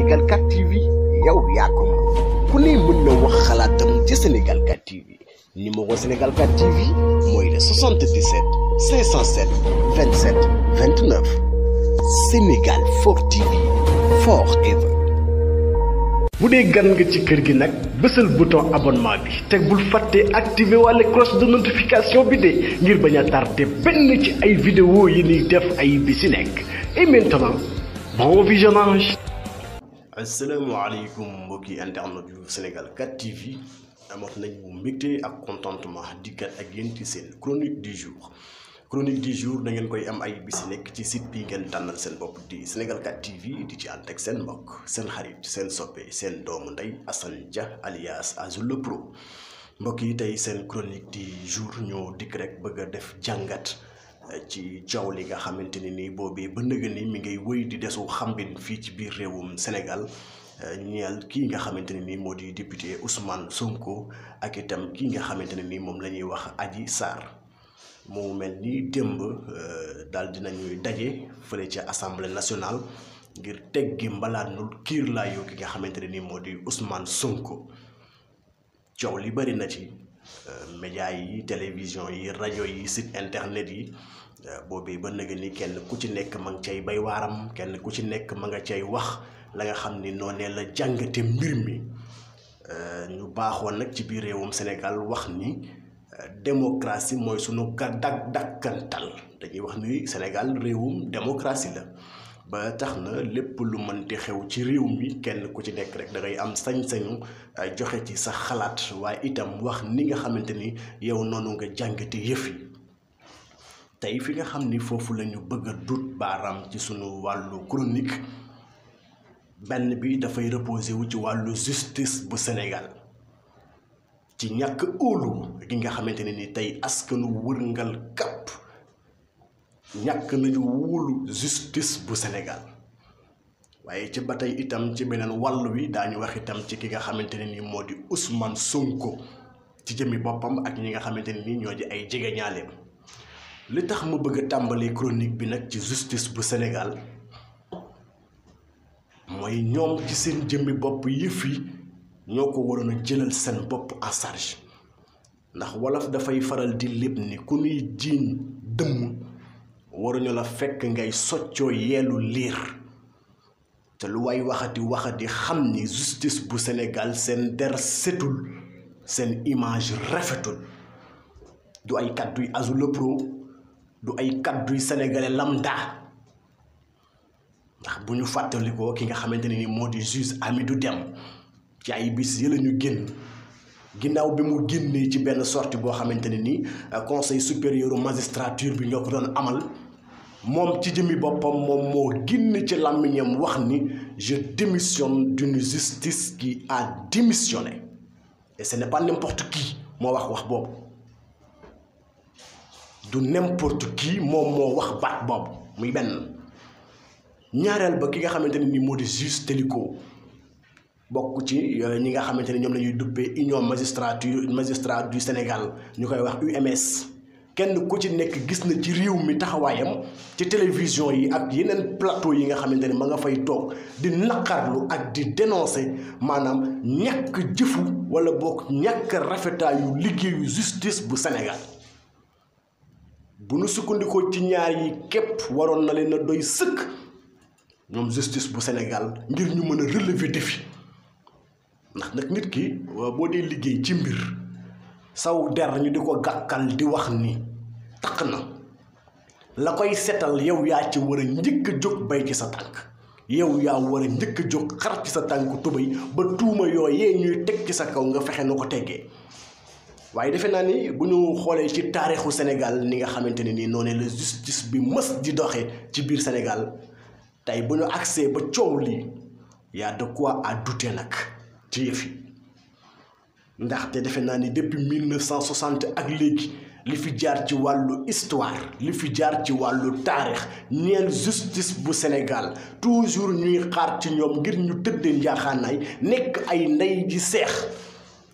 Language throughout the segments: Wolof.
Sénégal 4 TV yow yakum. ko ku ne mën na wax xalaatam ci Sénégal 4 TV numéro Sénégal 4 TV moy le 77 507 27 29 Sénégal 4 TV forever. bu dee gan nga ci kër gi nag le bouton abonnement bi teg bul fàttee activer walla cloche de notification bi de ngir bañ a tardé benn ci ay vidéo yi ni def ay bi si nekk et maintenant bon visionnage assalamu asalaamaaleykum mbokki internet du Sénégal 4 TV nañ bu mbégte ak contentement dikkat ak yéen ci chronique du jour chronique du jour da ngeen koy am ay bis nekk ci site bi ngeen tànnal seen bopp di Sénégal 4 TV di ci ànd ak seen mbokk xarit sen soppé sen dom nday Assane Dia alias azul le Pro mbokk tay sen chronique du jour ñoo dik rek bëgg def jangat ci jaww li nga xamante ne ni boobee ba nëga ni mi ngay wëy di desu xambin fii ci biir réewum Sénégal euh, ñeel kii nga xamante ne ni moo di député Ousmane Sonko ak itam kii nga xamante ne ni moom la ñuy wax Adji Sarr mu mel ni démb euh, daal dinañuy daje fële ca assemblée nationale ngir teggi mbalaanul kiir laayoo ki nga xamante ne ni moo di Ousmane Sonko coow li bari na ci euh, média yi télévision yi rajo yi site internet yi Euh, boobee ba nag ni kenn ku ci nekk ma cay bay waaram kenn ku ci nekk ma nga cay wax la nga xam ni noonee la jàngate mbir mi euh, ñu baaxoon nag ci biir réewum senegal wax ni euh, démocratie mooy sunu ka dañuy wax ni Sénégal réewum démocratie la ba tax na lépp lu mënti xew ci réew mi kenn ku ci nekk rek da am sañ-sañu joxe ci sax xalaat waaye itam wax ni nga xamante ni yow noonu nga jàngate yëf tey fi nga xam ni foofu la bëgg a dut baaraam ci sunu wàllu chronique benn bi dafay reposé wu ci wàllu justice bu Sénégal ci ñàkk óolu gi nga xamante ne ni tey askanu wërngal kapp ñàkk nañu wóolu justice bu Sénégal waaye ci ba tey itam ci beneen wàll wi daañu wax itam ci ki nga xamante ne ni moo di Ousmane Sonko ci jëmi boppam ak ñi nga xamante ne ni ñoo di ay jegeñaaleem li tax ma bëgg a tàmbalee chronique bi nag ci justice bu Sénégal mooy ñoom ci seen jëmmi bopp yëf yi ñoo ko waroon a jëlal seen bopp en charge ndax wolof dafay faral di lépp ni ku nuy jiiñ dëmm waruñu la fekk ngay soccoo yeelu liir te lu waay waxati waxati xam ni justice bu Sénégal seen der setul seen image rafetul du ay kàdduy Azou le Pro du ay cadre yu sénégalais lambda ndax buñu ñu ki nga xamanteni ni moo di juge Amidou dem ci ay bis yële ñu génn ginnaaw bi mu génnee ci benn sortie boo xamanteni ni euh, conseil supérieur magistrature bi ñoo ko doon amal moom ci jëmi boppam moom moo génn ci làmmiñam wax ni je démissionne d'une justice qui a démissionné et ce n'est pas n'importe qui moo wax wax boobu du n'importe qui mom mo wax bat bob muy ben ñaareel ba ki nga xamanteni ne nii moo di juge Téliko ci euh, ñi nga xamanteni ñom lañuy duppé union magistrature magistrat du Sénégal ñu wax UMS. kenn ku ci nekk gis na ci réew mi taxawaayam ci télévision yi ak yeneen plateau yi nga xamanteni ma nga fay toog di naqarlu ak di dénoncer maanaam ñàkk jëfu wala boog ñàkk rafetaayu liggéeyu justice bu Sénégal. bu nu sukkandikoo ci ñaar yi képp waroon na leen a doy sëkk ñoom justice bu Sénégal ngir ñu mën a relever défi ndax nag nit ki boo dee liggéey ci mbir saw der ñu di ko gàkkal di wax ni taq na la koy setal yow yaa ci war a njëkk a jóg bay ci sa tànk yow yaa war a njëkk a jóg xar ci sa tànk tubéy ba tuuma yooyee ñuy teg ci sa kaw nga fexe na ko teggee waye nous naa ni ci Sénégal ni nga xamanteni la justice bi di doxé ci biir Sénégal tay buñu ba y a de quoi douter ci depuis 1960 ak légui li fi jaar histoire li justice bu Sénégal toujours ñuy xaar ci ñom ngir ñu nek nek ay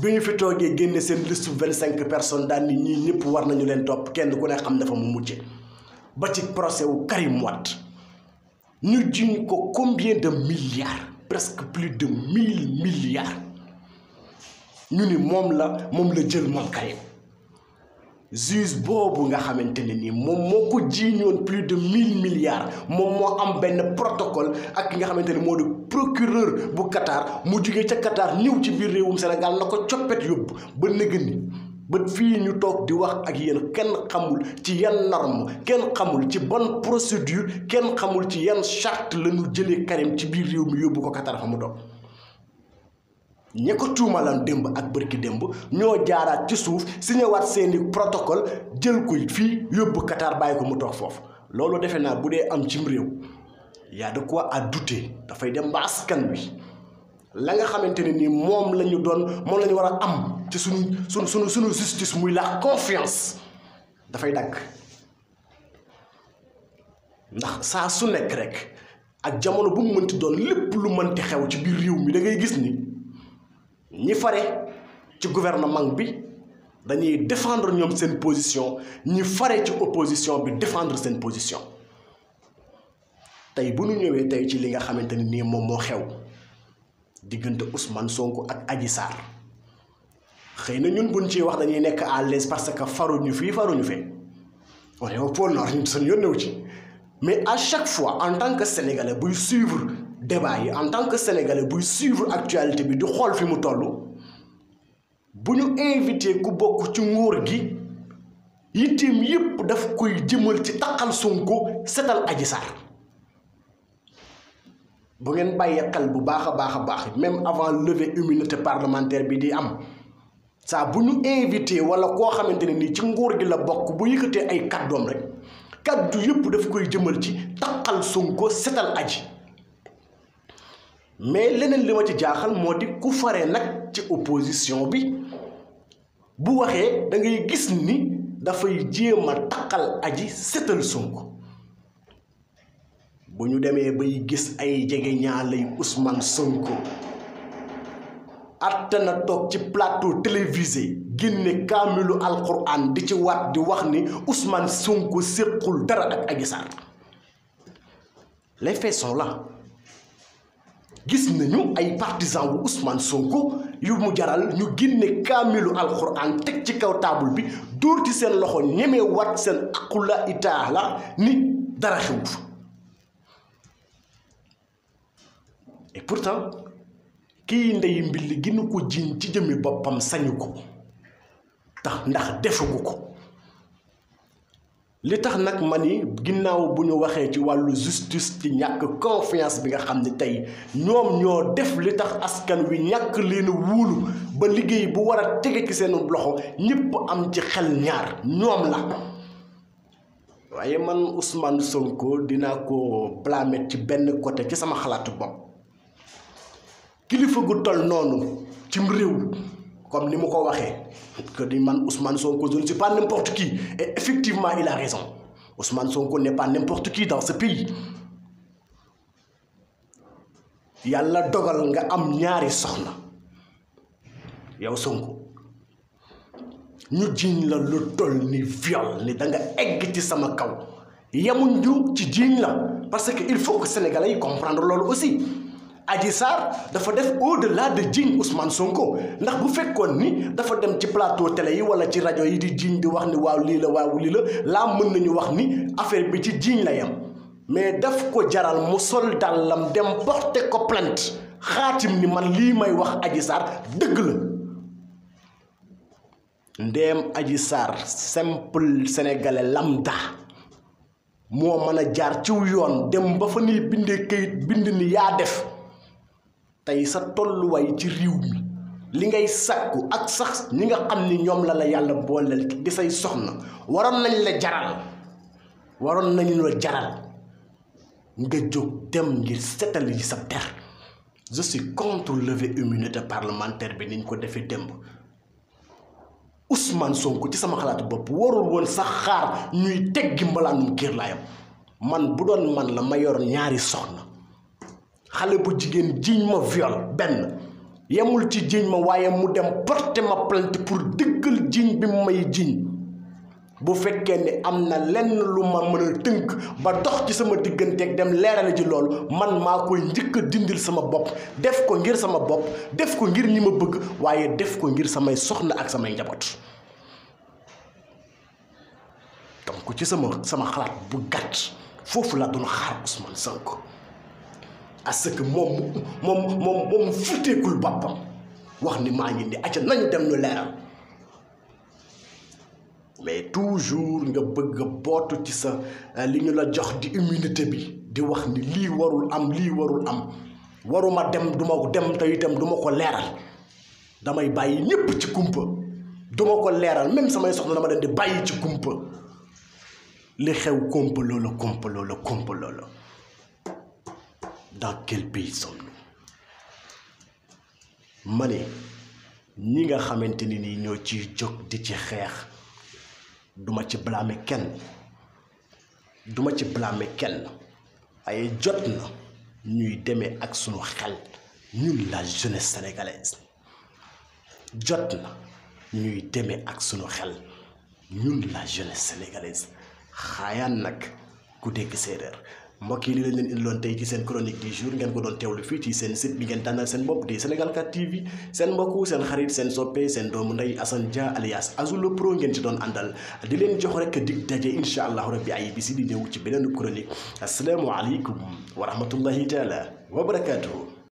bi fi toogee génne seen liste vingt cinq personnes daan ni ñii ñëpp war nañu leen topp kenn ku ne xam dafa mu mujje ba ci procès wu Karim Wade ñu jiñ ko combien de milliards presque plus de mille milliards ñu ni moom la moom la jël moom Karim juge boobu nga plus de mille milliards mom mo am ben protocole ak nga procureur bu Qatar mu jugé un Qatar ñëw ci biir réewum Sénégal na ciopet yob ba neugni ba ñu di wax ak kenn xamul ci norme kenn xamul procédure kenn xamul ci yan charte la ñu Karim ci Qatar ñi ko tuumalan démb ak bërki démb ñoo jaaraat ci suuf signewaat seeni protocole jël ko fii yóbbu Qatar bàyyi ko mu toog foofu loolu defe naa bu dee am cim réew y a de quoi dafay dem ba bi la nga xamante ne ni moom lañu doon moom lañu war a am ci suñu suñu suñu suñu justice muy la confiance dafay dagg ndax saa su nekk rek ak jamono bu mu mënti doon lépp lu mënti xew ci biir réew mi da ngay gis ni ñi faré ci gouvernement bi dañuy défendre ñom sen position ñi faré ci opposition bi défendre sen position tay bu ñu ñëwee tay ci li nga xamanteni ni mom mo xew diggante Ousmane Sonko ak Adji Sarr xeyna ñun buñ ci wax dañuy nekk à l'aise parce que faruñu fii faruñu fee on est au pôle nord ñu seen yónnewu ci mais à chaque fois en tant que sénégalais buy suivre débat yi en tant que sénégalais buy suivre actualité bi di xool fi mu tollu bu ñu invité ku bokk ci nguur gi yitteem yépp daf koy jëmal ci taqal Sonko setal Adji Sarr bu ngeen bàyyee xel bu baax a baax a baax même avant levée immunité parlementaire bi di am saa bu ñu invité wala koo xamante ne nii ci nguur gi la bokk bu yëkkatee ay kàddoom rek kàddu yépp daf koy jëmal ci taqal Sonko setal aji mais leneen li ma ci jaaxal moo di ku fare nag ci opposition bi bu waxee dangay gis ni dafay jéema a aji setal Sonko bu ñu demee bay gis ay jege ñaalay Ousmane Sonko atte na toog ci plateau télévisé génne kaamilu alquran di ci waat di wax ni Ousmane Sonko séqul dara ak Adji Sarr les gis nañu ay partisan wu usmaan Sonko yu mu jaral ñu génne kaamilu alxuraan teg ci kaw taabul bi dóor ci seen loxo ñemee wat seen aqula itaala ni dara xewul et pourtant kii ndey mbill gi nu ko jiiñ ci jëmmi boppam sañu ko tax ndax defagu ko li tax nag ma ni ginnaaw bu ñu waxee ci wàllu justice ci ñàkk confiance bi nga xam ni tey ñoom ñoo def li tax askan wi ñàkk leen wuulu ba liggéey bu war a tege ci seenu loxo ñëpp am ci xel ñaar ñoom la waaye man Ousmane Sonko dina ko blâmer ci benn côté ci sama xalaatu bopp kilifa gu tol noonu cim réew comme ni ma que di man Ousmane Sonko je ne suis pas n'importe qui et effectivement il a raison Ousmane Sonko n'est pas n'importe qui dans ce pays yalla dogal nga am ñaari soxna yow Sonko ñu jiiñ la lu toll ni viol ni da nga egg ci sama kaw yamun ju ci jiiñ la parce que il faut que sénégalais comprennent comprendre aussi aji Sarr dafa def au delà de jiñ Ousmane Sonko ndax bu fekkoon ni dafa dem ci plateau télé yi wala ci rajo yi di jiñ di wax ni waaw lii la waaw lii la laa mën nañu wax ni affaire bi ci jiiñ la yem mais daf ko jaral mu sol dàllam dem porter ko plainte xaatim ni man lii may wax aji Sarr dëgg la. ndeem Adji Sarr simple sénégalais lambda moo mën a jaar ciw yoon dem ba fa ni bindee këyit bind ni yaa def tey sa tolluwaay ci réew mi li ngay sàkku ak sax ñi nga xam ni ñoom la la yàlla booleel di say soxna waroon nañ la jaral waroon nañ la jaral nga jóg dem ngir setal yi sa der je suis contre levée immunité parlementaire bi niñ ko defee démb Ousmane Sonko ci sama xalaatu bopp warul woon sax xaar ñuy teggi mbalaanum kiir laayam man bu doon man la ma yor ñaari soxna xale bu jigéen jiiñ ma viol benn yemul ci jiiñ ma waaye mu dem porte ma plainte pour dëkkal jiiñ bi mu may jiiñ bu fekkee ni am na lenn lu ma mën a tënk ba dox ci sama digganteeg dem leerale ji lool man maa koy njëkk a dindil sama bopp def ko ngir sama bopp def ko ngir ñi ma bëgg waaye def ko ngir samay soxna ak samay njaboot donc ci sama sama xalaat bu gàtt foofu la doon xaar Ousmane Sonko a ce que moom moom moom moom futteekul boppam wax ni maa ngi ni acca nañu dem ñu leeral mais toujours nga bëgg a bootu ci sa euh, li ñu la jox di immunité bi di wax ni lii warul am lii warul am waruma dem duma ko dem te itam duma ko leeral damay bàyyi ñépp ci kumpa duma ko leeral même samay soxna dama leen di bàyyi ci kumpa li xew kumpa loola kumpa loola kumpa loola dans quel pays sommes-nous ma ne nga xamante ni ñoo ci jóg di ci xeex duma ci blâmer kenn duma ci blâmer kenn ay jotna ñuy démé ak sunu xel ñun la jeunesse sénégalaise jotna ñuy démé ak sunu xel ñun la jeunesse sénégalaise xayan nak ku dégg séeréer mbokk yi li lañ leen indiloon tey ci seen chronique du jour ngeen ko doon teewlu fii ci seen site bi ngeen tànnal seen bopp di Sénégal 4 TV seen mbokk seen xarit seen soppe seen doomu ndey Assane Dia alias Azou le ngeen ci doon àndal di leen jox rek dig daje incha allah rabbi ay bisi di ñëw ci beneen chronique asalaamu aleykum wa rahmatullahi taala wa barakaatuhu